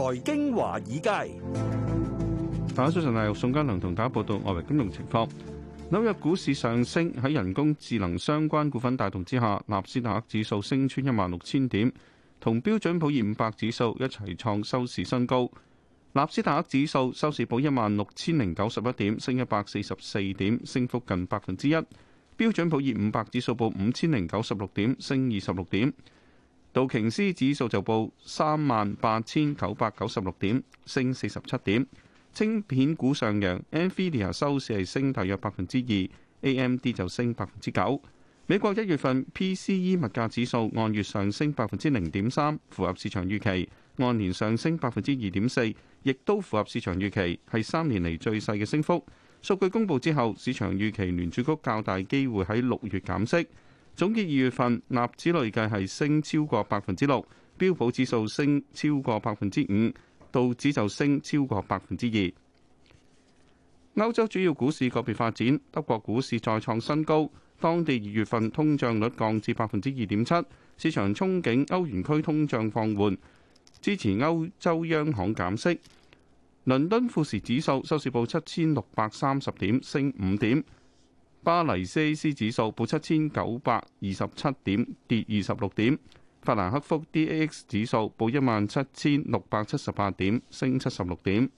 財經華爾街，大家早晨，由宋家良同大家報道外圍金融情況。紐約股市上升，喺人工智能相關股份帶動之下，納斯達克指數升穿一萬六千點，同標準普爾五百指數一齊創收市新高。納斯達克指數收市報一萬六千零九十一點，升一百四十四點，升幅近百分之一。標準普爾五百指數報五千零九十六點，升二十六點。道瓊斯指數就報三萬八千九百九十六點，升四十七點。芯片股上揚，Nvidia 收市係升大約百分之二，AMD 就升百分之九。美國一月份 PCE 物價指數按月上升百分之零點三，符合市場預期；按年上升百分之二點四，亦都符合市場預期，係三年嚟最細嘅升幅。數據公布之後，市場預期聯儲局較大機會喺六月減息。總結二月份，納指累計係升超過百分之六，標普指數升超過百分之五，道指就升超過百分之二。歐洲主要股市個別發展，德國股市再創新高，當地二月份通脹率降至百分之二點七，市場憧憬歐元區通脹放緩，支持歐洲央行減息。倫敦富時指數收市報七千六百三十點，升五點。巴黎 CAC 指數報七千九百二十七點，跌二十六點。法蘭克福 DAX 指數報一萬七千六百七十八點，升七十六點。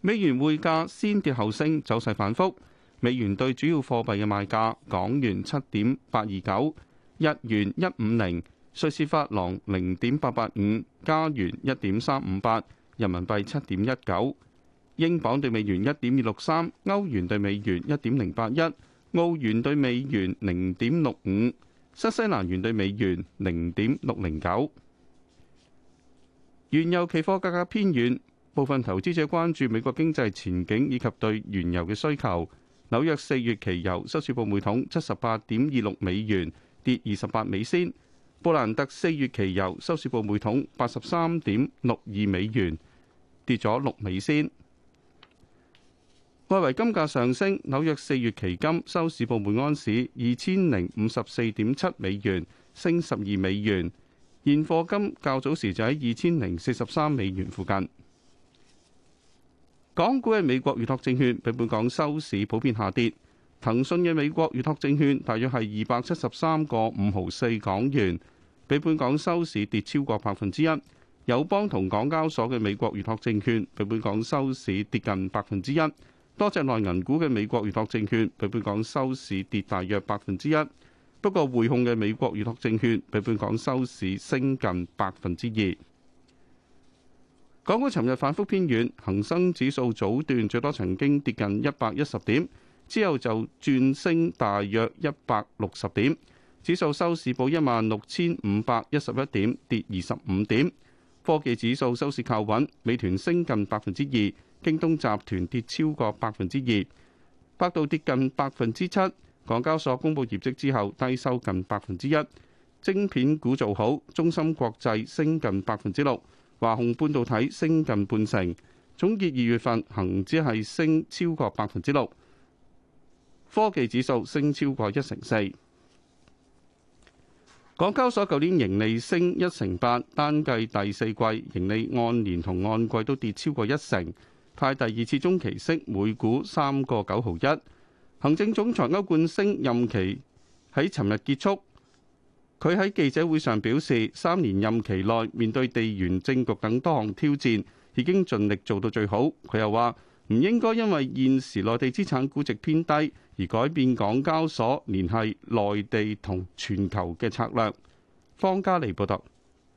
美元匯價先跌後升，走勢反覆。美元對主要貨幣嘅賣價：港元七點八二九，日元一五零，瑞士法郎零點八八五，加元一點三五八，人民幣七點一九。英鎊兌美元一點二六三，歐元兌美元一點零八一，澳元兌美元零點六五，新西蘭元兌美元零點六零九。原油期貨價格偏軟，部分投資者關注美國經濟前景以及對原油嘅需求。紐約四月期油收市報每桶七十八點二六美元，跌二十八美仙。布蘭特四月期油收市報每桶八十三點六二美元，跌咗六美仙。外圍金價上升，紐約四月期金收市報每安市二千零五十四點七美元，升十二美元。現貨金較早時就喺二千零四十三美元附近。港股嘅美國預託證券比本港收市普遍下跌，騰訊嘅美國預託證券大約係二百七十三個五毫四港元，比本港收市跌超過百分之一。友邦同港交所嘅美國預託證券比本港收市跌近百分之一。多隻內銀股嘅美國預託證券，比本港收市跌大約百分之一。不過匯控嘅美國預託證券，比本港收市升近百分之二。港股尋日反覆偏軟，恒生指數早段最多曾經跌近一百一十點，之後就轉升大約一百六十點。指數收市報一萬六千五百一十一點，跌二十五點。科技指數收市靠穩，美團升近百分之二。京東集團跌超過百分之二，百度跌近百分之七。港交所公布業績之後，低收近百分之一。晶片股做好，中芯國際升近百分之六，華虹半導體升近半成。總結二月份恒指係升超過百分之六，科技指數升超過一成四。港交所舊年盈利升一成八，單計第四季盈利按年同按季都跌超過一成。派第二次中期息每股三個九毫一。行政總裁歐冠升任期喺尋日結束，佢喺記者會上表示，三年任期內面對地緣政局等多項挑戰，已經盡力做到最好。佢又話，唔應該因為現時內地資產估值偏低而改變港交所聯繫內地同全球嘅策略。方嘉莉報道。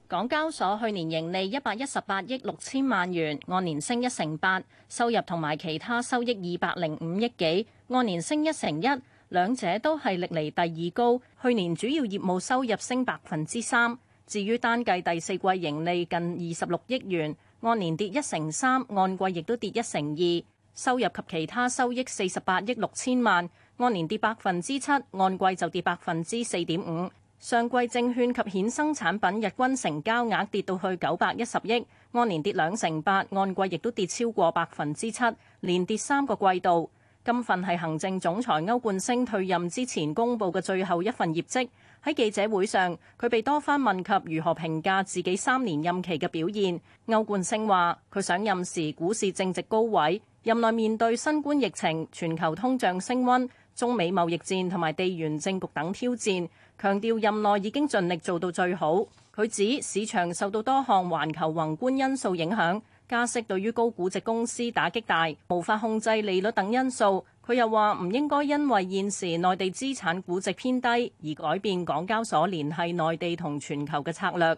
港交所去年盈利一百一十八億六千萬元，按年升一成八，收入同埋其他收益二百零五億幾，按年升一成一，兩者都係歷嚟第二高。去年主要業務收入升百分之三，至於單計第四季盈利近二十六億元，按年跌一成三，按季亦都跌一成二。收入及其他收益四十八億六千萬，按年跌百分之七，按季就跌百分之四點五。上季證券及衍生產品日均成交額跌到去九百一十億，按年跌兩成八，按季亦都跌超過百分之七，連跌三個季度。今份係行政總裁歐冠升退任之前公佈嘅最後一份業績。喺記者會上，佢被多番問及如何評價自己三年任期嘅表現。歐冠升話：佢上任時股市正值高位，任內面對新冠疫情、全球通脹升溫。中美貿易戰同埋地緣政局等挑戰，強調任內已經盡力做到最好。佢指市場受到多項環球宏觀因素影響，加息對於高估值公司打擊大，無法控制利率等因素。佢又話唔應該因為現時內地資產估值偏低而改變港交所聯繫內地同全球嘅策略。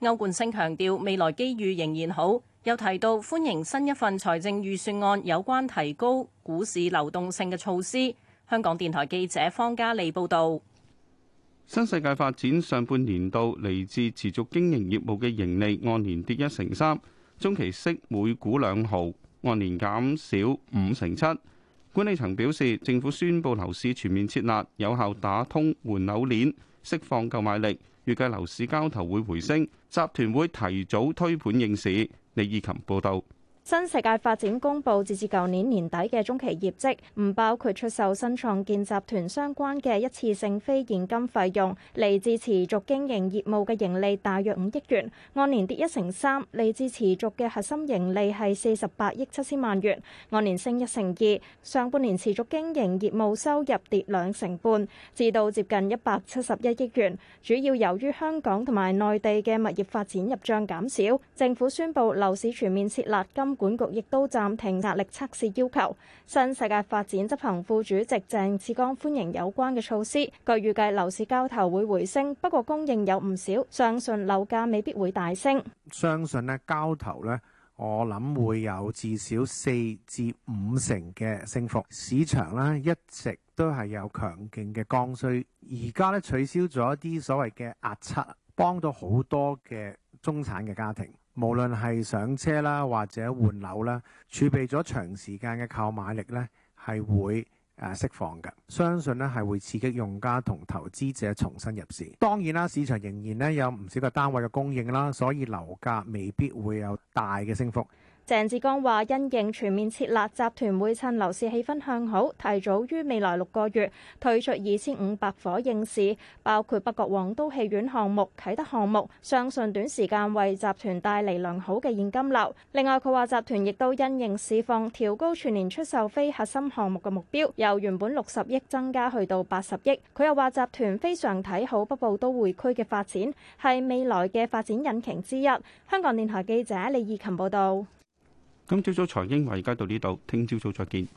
歐冠昇強調未來機遇仍然好，又提到歡迎新一份財政預算案有關提高股市流動性嘅措施。香港電台記者方嘉利報道。新世界發展上半年度嚟自持續經營業務嘅盈利按年跌一成三，中期息每股兩毫，按年減少五成七。管理層表示，政府宣布樓市全面撤辣，有效打通換樓鏈，釋放購買力。預計樓市交投會回升，集團會提早推盤應市。李意琴報道。新世界發展公布截至舊年年底嘅中期業績，唔包括出售新創建集團相關嘅一次性非現金費用。嚟自持續經營業務嘅盈利大約五億元，按年跌一成三。嚟自持續嘅核心盈利係四十八億七千萬元，按年升一成二。上半年持續經營業務收入跌兩成半，至到接近一百七十一億元，主要由於香港同埋內地嘅物業發展入帳減少。政府宣布樓市全面撤辣，管局亦都暫停壓力測試要求。新世界發展執行副主席鄭志剛歡迎有關嘅措施。佢預計樓市交投會回升，不過供應有唔少，相信樓價未必會大升。相信咧交投呢我諗會有至少四至五成嘅升幅。市場呢一直都係有強勁嘅剛需，而家咧取消咗一啲所謂嘅壓測，幫到好多嘅中產嘅家庭。無論係上車啦，或者換樓啦，儲備咗長時間嘅購買力咧，係會誒釋放嘅。相信咧係會刺激用家同投資者重新入市。當然啦，市場仍然咧有唔少個單位嘅供應啦，所以樓價未必會有大嘅升幅。鄭志剛話，因應全面設立集團，會趁樓市氣氛向好，提早於未來六個月推出二千五百夥應市，包括北角皇都戲院項目、啟德項目，相信短時間為集團帶嚟良好嘅現金流。另外，佢話集團亦都因應市況，調高全年出售非核心項目嘅目標，由原本六十億增加去到八十億。佢又話集團非常睇好北部都會區嘅發展，係未來嘅發展引擎之一。香港電台記者李義琴報道。今朝早財經華爾街到呢度，聽朝早再見。